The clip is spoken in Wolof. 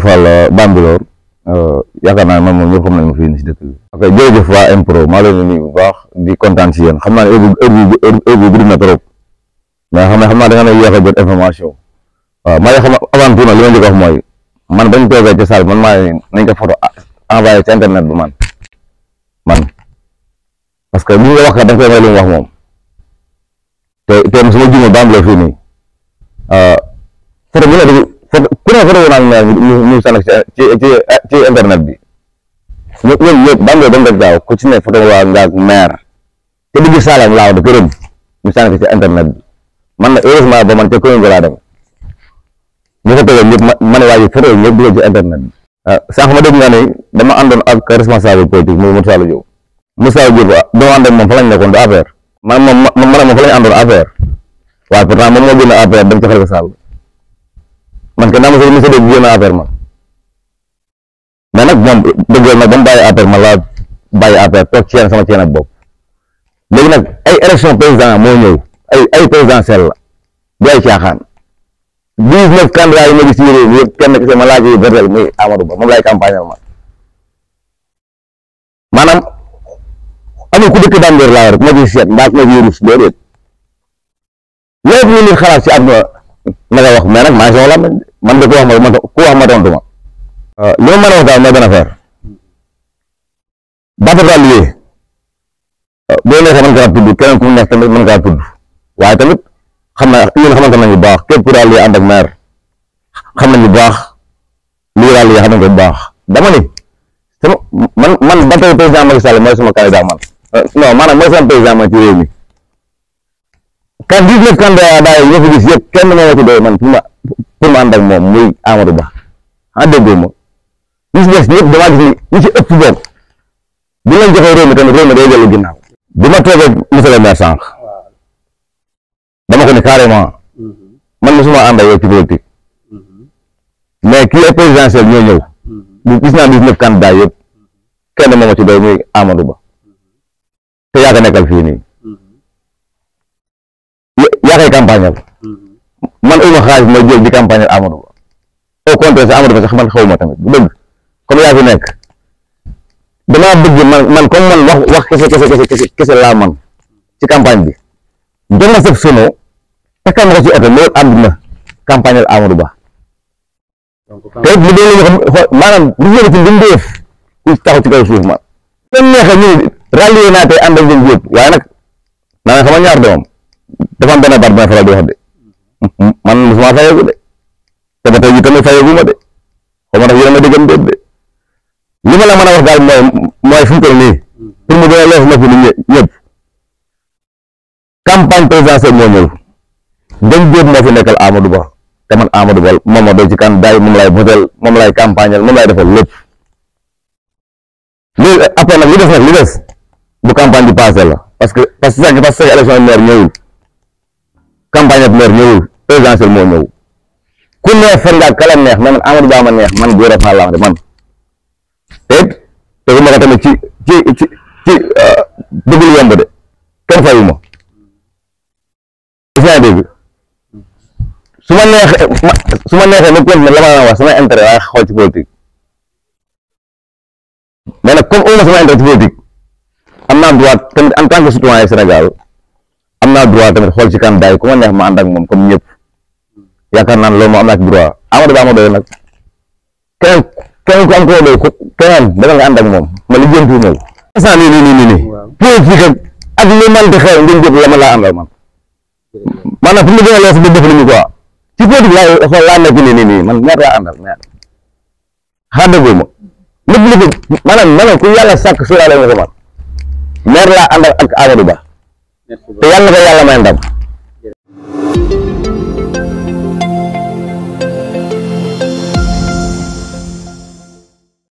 Ibra Fall euh, Bambilor euh, yaakaar naa man moom ñëpp xam nañ ma fii ni si dëkk bi ok jërëjëf waa Impro maa leen nuyu bu baax di kontaan si xam naa ne heure na trop mais xam ne xam naa da nga ne yéex a jot information waaw maa ngi xam avant tout nag li ma njëkk a mooy man bañ toogee ca salle man maa nañ ko photo ah, envoyé ci internet bi man man parce que li nga wax kat da nga koy wax moom te te su ma juumee Bambilor fii nii euh, ñoo foto woon ak maire ñu ci internet bi ñoom ñoom ñëpp bànqee ba mu def daaw ku ci ne foto waa nga ak maire bi man na heureusement ba te commune bi laa dem ñu ko tegee ñëpp ma ne waa ji foto ñëpp dugal ci internet bi. Ah, sànq ma dégg nga ne dama àndoon ak responsable politique muy Moussa Diop Moussa Diop dama ah, ànd ak moom fa lañ nekkoon du affaire man moom man ma ma ma fa lañ affaire waaye pourtant moom moo génn affaire dem ca Khalifa Sall man kenn daa ma sa dégg génn affaire man mais nag moom dëgg la nag ba mu bàyyi man laa bàyyi affaire toog ci sama ceen ak bopp léegi nag ay élection président moo ñëw ay ay présidentielle la du ay caaxaan dix-neuf candidats yi ma gis yére yi ma laaj yi bertel muy Amadou Ba moom laay campagne man maanaam amul ku dëkk Bambilor laa yor ma gis seet mbaa ma gis ruus déedéet lépp lu nit xalaat ci àdduna na nga wax mais nag maa ngi soxla man de ku wax ma man ku wax ma ma euh, li ma mën a wax daal mooy benn affaire euh, boo neexee mën kaa tudd keneen ku mu neex tamit mën kaa tudd waaye tamit xam naa yéen xamante bu baax képp ku daal liggéey ak maire xam nañu bu baax lii daal liggéey xam nañu ko baax dama ni sama man man ba tey président Macky Sall mooy sama man euh, non sama président ci réew kan dix neuf candidat daal yi nga fi gis yëpp kenn moo ci doy man pour ma pour ma ànd ak moom muy Amadou Ba ah déggoo ma ñi si des ñëpp damaa gis ñi ci ëpp boog bu leen joxee réew mi tamit réew mi day dellu ginnaaw bi ma toogee monsieur le maire dama ko ne carrément man mosuma ànd ak yow ci politique mais kii ay présidentiel ñoo ñëw bu gis naa dix neuf candidat yëpp kenn moo ci doy muy Amadou Ba te yaa ko fii nii campagne man ouma xaalis ma jël di campagne Amadou Ba au contraire sa Amadou Ba sax man xaw tamit bu deug comme ya fi nek dama bëgg man man comme man wax wax kese kese kese kese la man ci campagne bi dama sax sëf sono takkal ma ci auto lo ànd na campagne Amadou Ba te bu dee lu ñu xam maanaam bu ñu ci mbindeef ku taxaw ci kaw suuf ma dañ neexee ñu rallier naa tey ànd ak ñoom yëpp waaye nag naa nga xama ñaar doomam terpantau dapat masalah dua hati. Man semua saya gue deh. Kita tahu gitu nih saya gue mah deh. Kamu ada deh. Ini malah mana waktu mau mau sentuh nih. Kemudian Allah mau pilih ya. Kampanye terasa nyamul. Gembel masih nekal amadu bah. Teman amadu bah. Mama dojikan memulai model, memulai kampanye, memulai develop. Apa yang leaders nak Bukan pandi Pas pas saya pas saya ada soal nyamul. campagne ab maire ñëwul présidentielle moo ñëw ku neex fan ngaa kala neex man Amadou Ba ma neex man Gora Fall laa man te it tegu ci ci euh, de kenn fayu ma isna dégg su ma neexee ma neexee ma continué la ma la wax sama intérêt waaye xool ci politique mais nag comme uma sama intérêt ci politique am naa droit tamit en tant que citoyen Sénégal amna droit tamit xol ci kan day ku neex ma ànd ak moom comme ñepp yaakaar nan lo mo am naa droit Amadou Ba mo doy nak keneen keneen ko am ko doy keneen da nga ànd ak ma li jëm tuumal. instant ni ni nii nii politique ak lu man di xew ngeen jëpp la ma la àndal man maanaam pour mu gën a lees ba def nañu quoi ci politique la xool la nekk ni ni ni man ñaata laa àndal ñaata xaar dëggoo ma lépp lépp man maanaam yalla sak sàkk sóoraale nga ko man maire laa ak Amadou Ba. te yàlla na